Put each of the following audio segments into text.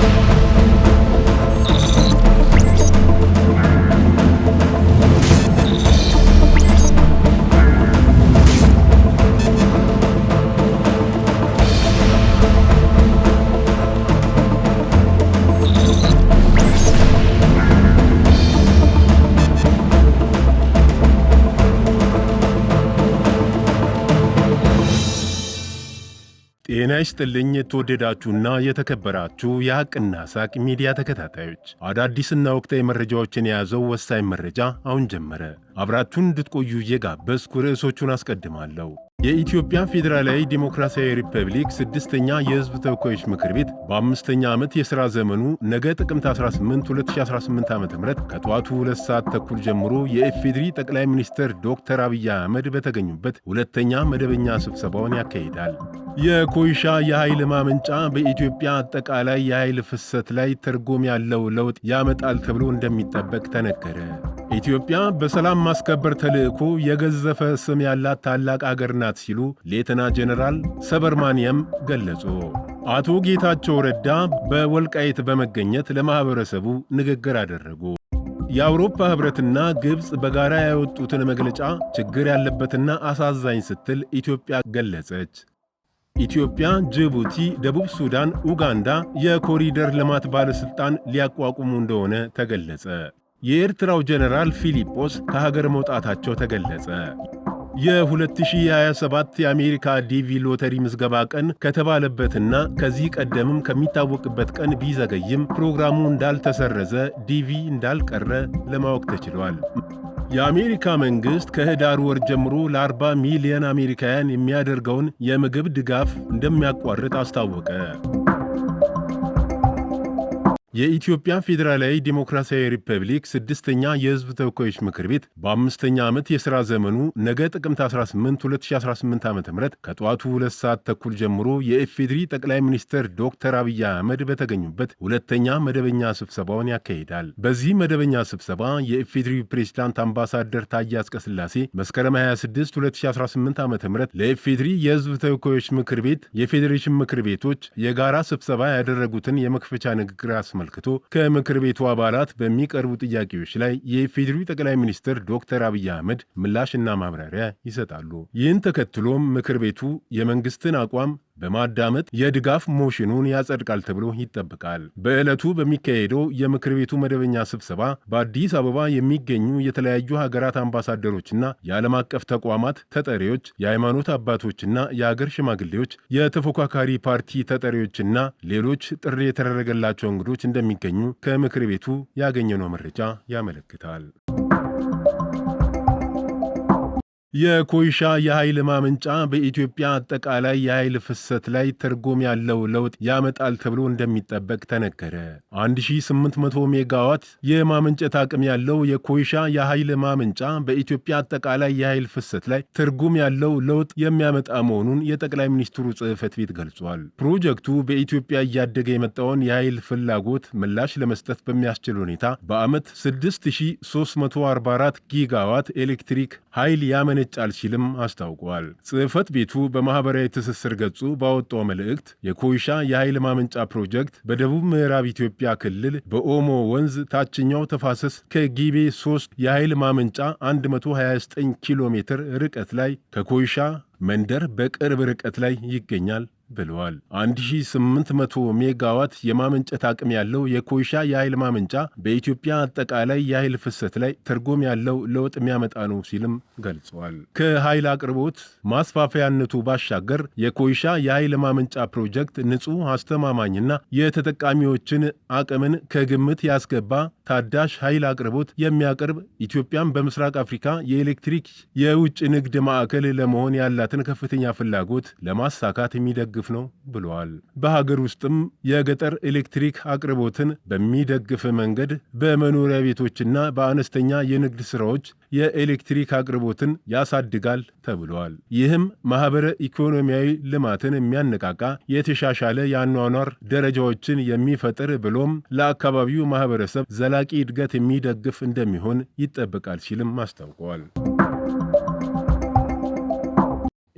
Thank you. ጤና ይስጥልኝ የተወደዳችሁና የተከበራችሁ የሐቅና ሳቅ ሚዲያ ተከታታዮች፣ አዳዲስና ወቅታዊ መረጃዎችን የያዘው ወሳኝ መረጃ አሁን ጀመረ። አብራችሁን እንድትቆዩ እየጋበዝኩ ርዕሶቹን አስቀድማለሁ። የኢትዮጵያ ፌዴራላዊ ዴሞክራሲያዊ ሪፐብሊክ ስድስተኛ የሕዝብ ተወካዮች ምክር ቤት በአምስተኛ ዓመት የሥራ ዘመኑ ነገ ጥቅምት 18 2018 ዓ ም ከጠዋቱ ሁለት ሰዓት ተኩል ጀምሮ የኢፌዴሪ ጠቅላይ ሚኒስትር ዶክተር አብይ አህመድ በተገኙበት ሁለተኛ መደበኛ ስብሰባውን ያካሂዳል። የኮይሻ የኃይል ማመንጫ በኢትዮጵያ አጠቃላይ የኃይል ፍሰት ላይ ትርጉም ያለው ለውጥ ያመጣል ተብሎ እንደሚጠበቅ ተነገረ። ኢትዮጵያ በሰላም ማስከበር ተልእኮ የገዘፈ ስም ያላት ታላቅ አገር ናት ሲሉ ሌተና ጄኔራል ሰበርማንየም ገለጹ። አቶ ጌታቸው ረዳ በወልቃይት በመገኘት ለማኅበረሰቡ ንግግር አደረጉ። የአውሮፓ ኅብረትና ግብፅ በጋራ ያወጡትን መግለጫ ችግር ያለበትና አሳዛኝ ስትል ኢትዮጵያ ገለጸች። ኢትዮጵያ፣ ጅቡቲ፣ ደቡብ ሱዳን፣ ኡጋንዳ የኮሪደር ልማት ባለሥልጣን ሊያቋቁሙ እንደሆነ ተገለጸ። የኤርትራው ጀነራል ፊሊጶስ ከሀገር መውጣታቸው ተገለጸ። የ2027 የአሜሪካ ዲቪ ሎተሪ ምዝገባ ቀን ከተባለበትና ከዚህ ቀደምም ከሚታወቅበት ቀን ቢዘገይም ፕሮግራሙ እንዳልተሰረዘ፣ ዲቪ እንዳልቀረ ለማወቅ ተችሏል። የአሜሪካ መንግሥት ከህዳር ወር ጀምሮ ለ40 ሚሊዮን አሜሪካውያን የሚያደርገውን የምግብ ድጋፍ እንደሚያቋርጥ አስታወቀ። የኢትዮጵያ ፌዴራላዊ ዴሞክራሲያዊ ሪፐብሊክ ስድስተኛ የህዝብ ተወካዮች ምክር ቤት በአምስተኛ ዓመት የሥራ ዘመኑ ነገ ጥቅምት 18 2018 ዓ ም ከጠዋቱ ሁለት ሰዓት ተኩል ጀምሮ የኢፌዴሪ ጠቅላይ ሚኒስትር ዶክተር አብይ አህመድ በተገኙበት ሁለተኛ መደበኛ ስብሰባውን ያካሂዳል። በዚህ መደበኛ ስብሰባ የኤፌድሪ ፕሬዚዳንት አምባሳደር ታዬ አጽቀሥላሴ መስከረም 26 2018 ዓ ም ለኢፌዴሪ የህዝብ ተወካዮች ምክር ቤት የፌዴሬሽን ምክር ቤቶች የጋራ ስብሰባ ያደረጉትን የመክፈቻ ንግግር አስመልክቶ ከምክር ቤቱ አባላት በሚቀርቡ ጥያቄዎች ላይ የኢፌዴሪ ጠቅላይ ሚኒስትር ዶክተር አብይ አህመድ ምላሽና ማብራሪያ ይሰጣሉ። ይህን ተከትሎም ምክር ቤቱ የመንግስትን አቋም በማዳመጥ የድጋፍ ሞሽኑን ያጸድቃል ተብሎ ይጠበቃል። በዕለቱ በሚካሄደው የምክር ቤቱ መደበኛ ስብሰባ በአዲስ አበባ የሚገኙ የተለያዩ ሀገራት አምባሳደሮችና የዓለም አቀፍ ተቋማት ተጠሪዎች፣ የሃይማኖት አባቶችና የአገር ሽማግሌዎች፣ የተፎካካሪ ፓርቲ ተጠሪዎችና ሌሎች ጥሪ የተደረገላቸው እንግዶች እንደሚገኙ ከምክር ቤቱ ያገኘነው መረጃ ያመለክታል። የኮይሻ የኃይል ማመንጫ በኢትዮጵያ አጠቃላይ የኃይል ፍሰት ላይ ትርጉም ያለው ለውጥ ያመጣል ተብሎ እንደሚጠበቅ ተነገረ። 1800 ሜጋዋት የማመንጨት አቅም ያለው የኮይሻ የኃይል ማመንጫ በኢትዮጵያ አጠቃላይ የኃይል ፍሰት ላይ ትርጉም ያለው ለውጥ የሚያመጣ መሆኑን የጠቅላይ ሚኒስትሩ ጽሕፈት ቤት ገልጿል። ፕሮጀክቱ በኢትዮጵያ እያደገ የመጣውን የኃይል ፍላጎት ምላሽ ለመስጠት በሚያስችል ሁኔታ በዓመት 6344 ጊጋዋት ኤሌክትሪክ ኃይል ያመ ልገልጽ አልችልም አስታውቋል። ጽህፈት ቤቱ በማኅበራዊ ትስስር ገጹ ባወጣው መልእክት የኮይሻ የኃይል ማመንጫ ፕሮጀክት በደቡብ ምዕራብ ኢትዮጵያ ክልል በኦሞ ወንዝ ታችኛው ተፋሰስ ከጊቤ 3 የኃይል ማመንጫ 129 ኪሎ ሜትር ርቀት ላይ ከኮይሻ መንደር በቅርብ ርቀት ላይ ይገኛል ብለዋል። 1800 ሜጋዋት የማመንጨት አቅም ያለው የኮይሻ የኃይል ማመንጫ በኢትዮጵያ አጠቃላይ የኃይል ፍሰት ላይ ትርጉም ያለው ለውጥ የሚያመጣ ነው ሲልም ገልጸዋል። ከኃይል አቅርቦት ማስፋፊያነቱ ባሻገር የኮይሻ የኃይል ማመንጫ ፕሮጀክት ንጹህ፣ አስተማማኝና የተጠቃሚዎችን አቅምን ከግምት ያስገባ ታዳሽ ኃይል አቅርቦት የሚያቀርብ ኢትዮጵያን በምስራቅ አፍሪካ የኤሌክትሪክ የውጭ ንግድ ማዕከል ለመሆን ያላትን ከፍተኛ ፍላጎት ለማሳካት የሚደግፍ ነው ብለዋል። በሀገር ውስጥም የገጠር ኤሌክትሪክ አቅርቦትን በሚደግፍ መንገድ በመኖሪያ ቤቶችና በአነስተኛ የንግድ ሥራዎች የኤሌክትሪክ አቅርቦትን ያሳድጋል ተብሏል። ይህም ማኅበረ ኢኮኖሚያዊ ልማትን የሚያነቃቃ የተሻሻለ የአኗኗር ደረጃዎችን የሚፈጥር ብሎም ለአካባቢው ማኅበረሰብ ዘላቂ እድገት የሚደግፍ እንደሚሆን ይጠበቃል ሲልም አስታውቀዋል።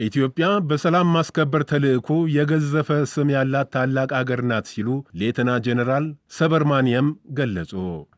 ኢትዮጵያ በሰላም ማስከበር ተልዕኮ የገዘፈ ስም ያላት ታላቅ አገር ናት ሲሉ ሌተና ጀነራል ሰበርማንያም ገለጹ።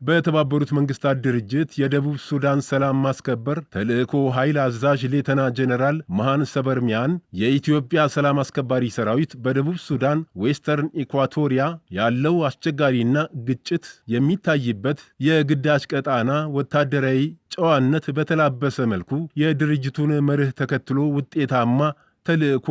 በተባበሩት መንግስታት ድርጅት የደቡብ ሱዳን ሰላም ማስከበር ተልዕኮ ኃይል አዛዥ ሌተና ጀነራል መሃን ሰበርሚያን የኢትዮጵያ ሰላም አስከባሪ ሰራዊት በደቡብ ሱዳን ዌስተርን ኢኳቶሪያ ያለው አስቸጋሪና ግጭት የሚታይበት የግዳጅ ቀጣና ወታደራዊ ጨዋነት በተላበሰ መልኩ የድርጅቱን መርህ ተከትሎ ውጤታማ ተልዕኮ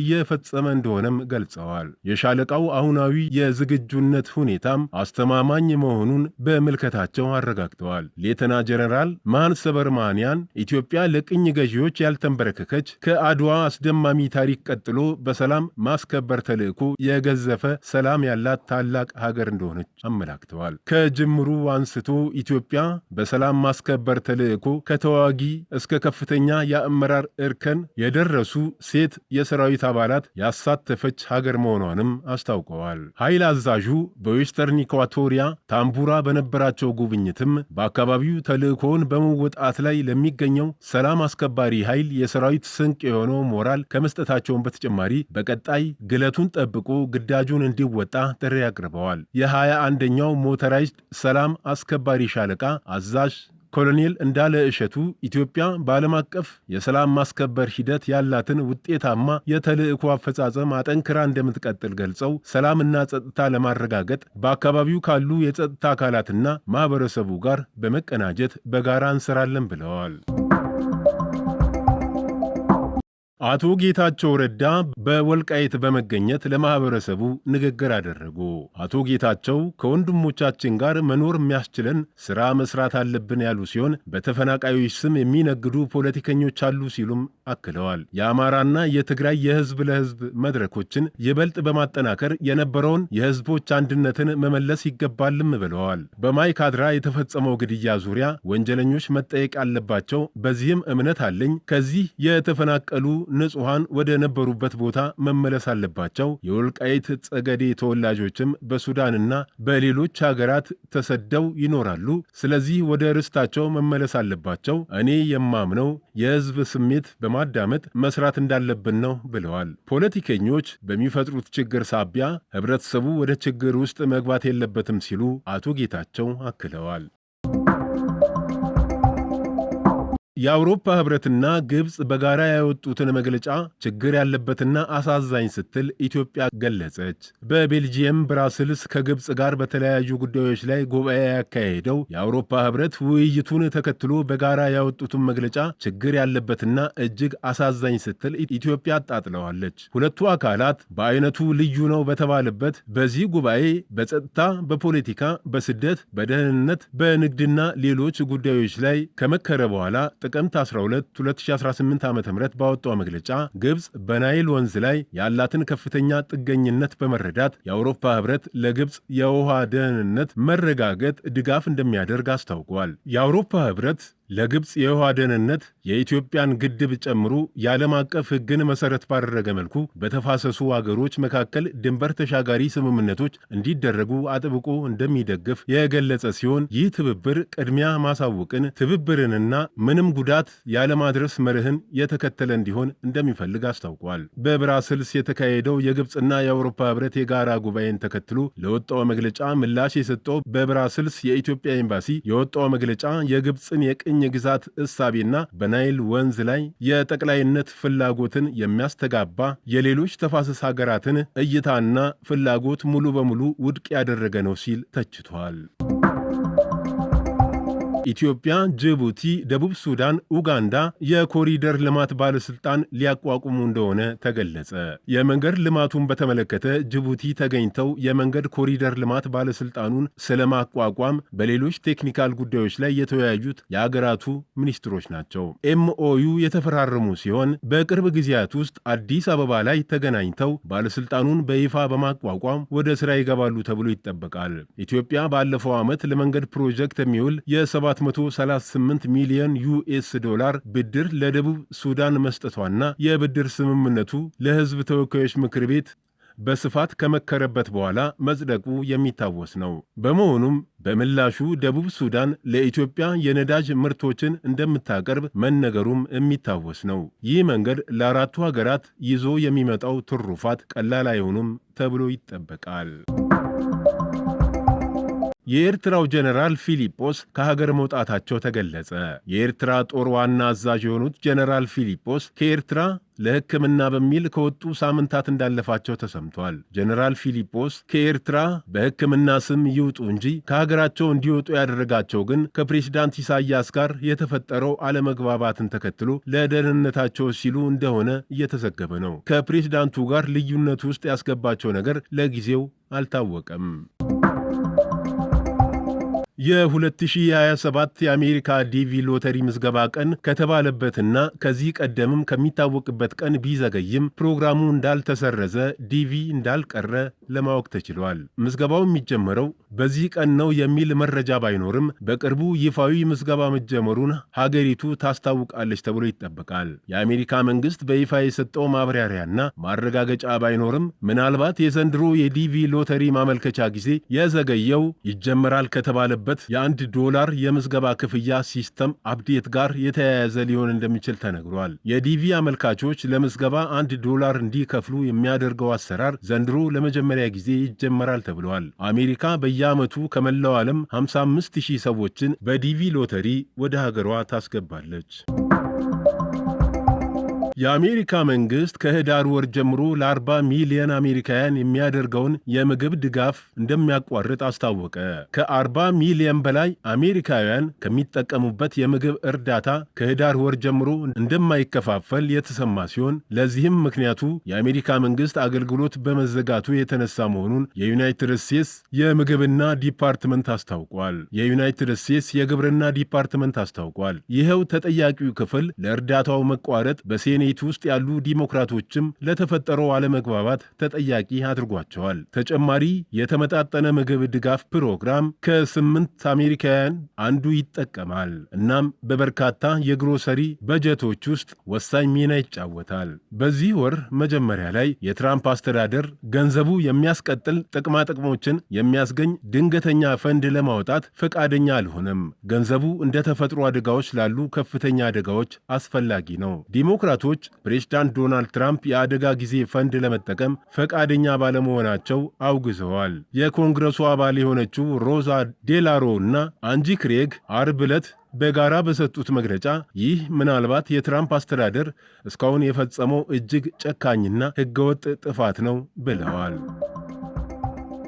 እየፈጸመ እንደሆነም ገልጸዋል። የሻለቃው አሁናዊ የዝግጁነት ሁኔታም አስተማማኝ መሆኑን በምልከታቸው አረጋግጠዋል። ሌተና ጀነራል ማን ሰበርማንያን ኢትዮጵያ ለቅኝ ገዢዎች ያልተንበረከከች ከአድዋ አስደማሚ ታሪክ ቀጥሎ በሰላም ማስከበር ተልዕኮ የገዘፈ ሰላም ያላት ታላቅ ሀገር እንደሆነች አመላክተዋል። ከጅምሩ አንስቶ ኢትዮጵያ በሰላም ማስከበር ተልዕኮ ከተዋጊ እስከ ከፍተኛ የአመራር እርከን የደረሱ ሴት የሰራዊት አባላት ያሳተፈች ሀገር መሆኗንም አስታውቀዋል። ኃይል አዛዡ በዌስተርን ኢኳቶሪያ ታምቡራ በነበራቸው ጉብኝትም በአካባቢው ተልእኮውን በመወጣት ላይ ለሚገኘው ሰላም አስከባሪ ኃይል የሰራዊት ስንቅ የሆነው ሞራል ከመስጠታቸውን በተጨማሪ በቀጣይ ግለቱን ጠብቆ ግዳጁን እንዲወጣ ጥሪ አቅርበዋል። የሃያ አንደኛው ሞተራይዝድ ሰላም አስከባሪ ሻለቃ አዛዥ ኮሎኔል እንዳለ እሸቱ ኢትዮጵያ በዓለም አቀፍ የሰላም ማስከበር ሂደት ያላትን ውጤታማ የተልዕኮ አፈጻጸም አጠንክራ እንደምትቀጥል ገልጸው ሰላምና ጸጥታ ለማረጋገጥ በአካባቢው ካሉ የጸጥታ አካላትና ማህበረሰቡ ጋር በመቀናጀት በጋራ እንሰራለን ብለዋል። አቶ ጌታቸው ረዳ በወልቃይት በመገኘት ለማህበረሰቡ ንግግር አደረጉ። አቶ ጌታቸው ከወንድሞቻችን ጋር መኖር የሚያስችለን ስራ መስራት አለብን ያሉ ሲሆን በተፈናቃዮች ስም የሚነግዱ ፖለቲከኞች አሉ ሲሉም አክለዋል። የአማራና የትግራይ የህዝብ ለህዝብ መድረኮችን ይበልጥ በማጠናከር የነበረውን የህዝቦች አንድነትን መመለስ ይገባልም ብለዋል። በማይካድራ የተፈጸመው ግድያ ዙሪያ ወንጀለኞች መጠየቅ አለባቸው። በዚህም እምነት አለኝ። ከዚህ የተፈናቀሉ ንጹሐን ወደ ነበሩበት ቦታ መመለስ አለባቸው። የወልቃይት ጸገዴ ተወላጆችም በሱዳንና በሌሎች ሀገራት ተሰደው ይኖራሉ። ስለዚህ ወደ ርስታቸው መመለስ አለባቸው። እኔ የማምነው የህዝብ ስሜት በማ በማዳመጥ መስራት እንዳለብን ነው ብለዋል። ፖለቲከኞች በሚፈጥሩት ችግር ሳቢያ ህብረተሰቡ ወደ ችግር ውስጥ መግባት የለበትም ሲሉ አቶ ጌታቸው አክለዋል። የአውሮፓ ህብረትና ግብፅ በጋራ ያወጡትን መግለጫ ችግር ያለበትና አሳዛኝ ስትል ኢትዮጵያ ገለጸች። በቤልጂየም ብራስልስ ከግብፅ ጋር በተለያዩ ጉዳዮች ላይ ጉባኤ ያካሄደው የአውሮፓ ህብረት ውይይቱን ተከትሎ በጋራ ያወጡትን መግለጫ ችግር ያለበትና እጅግ አሳዛኝ ስትል ኢትዮጵያ አጣጥለዋለች። ሁለቱ አካላት በአይነቱ ልዩ ነው በተባለበት በዚህ ጉባኤ በጸጥታ፣ በፖለቲካ፣ በስደት፣ በደህንነት፣ በንግድና ሌሎች ጉዳዮች ላይ ከመከረ በኋላ ጥቅምት 12 2018 ዓ ም ባወጣው መግለጫ ግብፅ በናይል ወንዝ ላይ ያላትን ከፍተኛ ጥገኝነት በመረዳት የአውሮፓ ህብረት ለግብፅ የውሃ ደህንነት መረጋገጥ ድጋፍ እንደሚያደርግ አስታውቋል። የአውሮፓ ህብረት ለግብፅ የውሃ ደህንነት የኢትዮጵያን ግድብ ጨምሮ የዓለም አቀፍ ሕግን መሠረት ባደረገ መልኩ በተፋሰሱ አገሮች መካከል ድንበር ተሻጋሪ ስምምነቶች እንዲደረጉ አጥብቆ እንደሚደግፍ የገለጸ ሲሆን ይህ ትብብር ቅድሚያ ማሳወቅን፣ ትብብርንና ምንም ጉዳት ያለማድረስ መርህን የተከተለ እንዲሆን እንደሚፈልግ አስታውቋል። በብራስልስ የተካሄደው የግብፅና የአውሮፓ ህብረት የጋራ ጉባኤን ተከትሎ ለወጣው መግለጫ ምላሽ የሰጠው በብራስልስ የኢትዮጵያ ኤምባሲ የወጣው መግለጫ የግብፅን የቅኝ በቅኝ ግዛት እሳቤና በናይል ወንዝ ላይ የጠቅላይነት ፍላጎትን የሚያስተጋባ የሌሎች ተፋሰስ ሀገራትን እይታና ፍላጎት ሙሉ በሙሉ ውድቅ ያደረገ ነው ሲል ተችቷል። ኢትዮጵያ፣ ጅቡቲ፣ ደቡብ ሱዳን፣ ኡጋንዳ የኮሪደር ልማት ባለስልጣን ሊያቋቁሙ እንደሆነ ተገለጸ። የመንገድ ልማቱን በተመለከተ ጅቡቲ ተገኝተው የመንገድ ኮሪደር ልማት ባለስልጣኑን ስለማቋቋም በሌሎች ቴክኒካል ጉዳዮች ላይ የተወያዩት የአገራቱ ሚኒስትሮች ናቸው። ኤምኦዩ የተፈራረሙ ሲሆን በቅርብ ጊዜያት ውስጥ አዲስ አበባ ላይ ተገናኝተው ባለስልጣኑን በይፋ በማቋቋም ወደ ስራ ይገባሉ ተብሎ ይጠበቃል። ኢትዮጵያ ባለፈው ዓመት ለመንገድ ፕሮጀክት የሚውል የ 438 ሚሊዮን ዩኤስ ዶላር ብድር ለደቡብ ሱዳን መስጠቷና የብድር ስምምነቱ ለሕዝብ ተወካዮች ምክር ቤት በስፋት ከመከረበት በኋላ መጽደቁ የሚታወስ ነው። በመሆኑም በምላሹ ደቡብ ሱዳን ለኢትዮጵያ የነዳጅ ምርቶችን እንደምታቀርብ መነገሩም የሚታወስ ነው። ይህ መንገድ ለአራቱ ሀገራት ይዞ የሚመጣው ትሩፋት ቀላል አይሆኑም ተብሎ ይጠበቃል። የኤርትራው ጀነራል ፊሊጶስ ከሀገር መውጣታቸው ተገለጸ። የኤርትራ ጦር ዋና አዛዥ የሆኑት ጀነራል ፊሊጶስ ከኤርትራ ለሕክምና በሚል ከወጡ ሳምንታት እንዳለፋቸው ተሰምቷል። ጀነራል ፊሊጶስ ከኤርትራ በሕክምና ስም ይውጡ እንጂ ከሀገራቸው እንዲወጡ ያደረጋቸው ግን ከፕሬዚዳንት ኢሳያስ ጋር የተፈጠረው አለመግባባትን ተከትሎ ለደህንነታቸው ሲሉ እንደሆነ እየተዘገበ ነው። ከፕሬዚዳንቱ ጋር ልዩነት ውስጥ ያስገባቸው ነገር ለጊዜው አልታወቀም። የ2027 የአሜሪካ ዲቪ ሎተሪ ምዝገባ ቀን ከተባለበትና ከዚህ ቀደምም ከሚታወቅበት ቀን ቢዘገይም ፕሮግራሙ እንዳልተሰረዘ ዲቪ እንዳልቀረ ለማወቅ ተችሏል። ምዝገባው የሚጀመረው በዚህ ቀን ነው የሚል መረጃ ባይኖርም በቅርቡ ይፋዊ ምዝገባ መጀመሩን ሀገሪቱ ታስታውቃለች ተብሎ ይጠበቃል። የአሜሪካ መንግስት በይፋ የሰጠው ማብራሪያና ማረጋገጫ ባይኖርም ምናልባት የዘንድሮ የዲቪ ሎተሪ ማመልከቻ ጊዜ የዘገየው ይጀመራል ከተባለ ከተሰራበት የአንድ ዶላር የምዝገባ ክፍያ ሲስተም አፕዴት ጋር የተያያዘ ሊሆን እንደሚችል ተነግሯል። የዲቪ አመልካቾች ለምዝገባ አንድ ዶላር እንዲከፍሉ የሚያደርገው አሰራር ዘንድሮ ለመጀመሪያ ጊዜ ይጀመራል ተብለዋል። አሜሪካ በየዓመቱ ከመላው ዓለም 55 ሺህ ሰዎችን በዲቪ ሎተሪ ወደ ሀገሯ ታስገባለች። የአሜሪካ መንግስት ከህዳር ወር ጀምሮ ለ40 ሚሊዮን አሜሪካውያን የሚያደርገውን የምግብ ድጋፍ እንደሚያቋርጥ አስታወቀ። ከ40 ሚሊዮን በላይ አሜሪካውያን ከሚጠቀሙበት የምግብ እርዳታ ከህዳር ወር ጀምሮ እንደማይከፋፈል የተሰማ ሲሆን ለዚህም ምክንያቱ የአሜሪካ መንግስት አገልግሎት በመዘጋቱ የተነሳ መሆኑን የዩናይትድ ስቴትስ የምግብና ዲፓርትመንት አስታውቋል። የዩናይትድ ስቴትስ የግብርና ዲፓርትመንት አስታውቋል። ይኸው ተጠያቂው ክፍል ለእርዳታው መቋረጥ በሴኔ ሴኔት ውስጥ ያሉ ዲሞክራቶችም ለተፈጠረው አለመግባባት ተጠያቂ አድርጓቸዋል። ተጨማሪ የተመጣጠነ ምግብ ድጋፍ ፕሮግራም ከስምንት አሜሪካውያን አንዱ ይጠቀማል። እናም በበርካታ የግሮሰሪ በጀቶች ውስጥ ወሳኝ ሚና ይጫወታል። በዚህ ወር መጀመሪያ ላይ የትራምፕ አስተዳደር ገንዘቡ የሚያስቀጥል ጥቅማጥቅሞችን የሚያስገኝ ድንገተኛ ፈንድ ለማውጣት ፈቃደኛ አልሆነም። ገንዘቡ እንደ ተፈጥሮ አደጋዎች ላሉ ከፍተኛ አደጋዎች አስፈላጊ ነው። ዲሞክራቶች ባለሙያዎች ፕሬዝዳንት ዶናልድ ትራምፕ የአደጋ ጊዜ ፈንድ ለመጠቀም ፈቃደኛ ባለመሆናቸው አውግዘዋል። የኮንግረሱ አባል የሆነችው ሮዛ ዴላሮ እና አንጂ ክሬግ አርብ ዕለት በጋራ በሰጡት መግለጫ ይህ ምናልባት የትራምፕ አስተዳደር እስካሁን የፈጸመው እጅግ ጨካኝና ሕገወጥ ጥፋት ነው ብለዋል።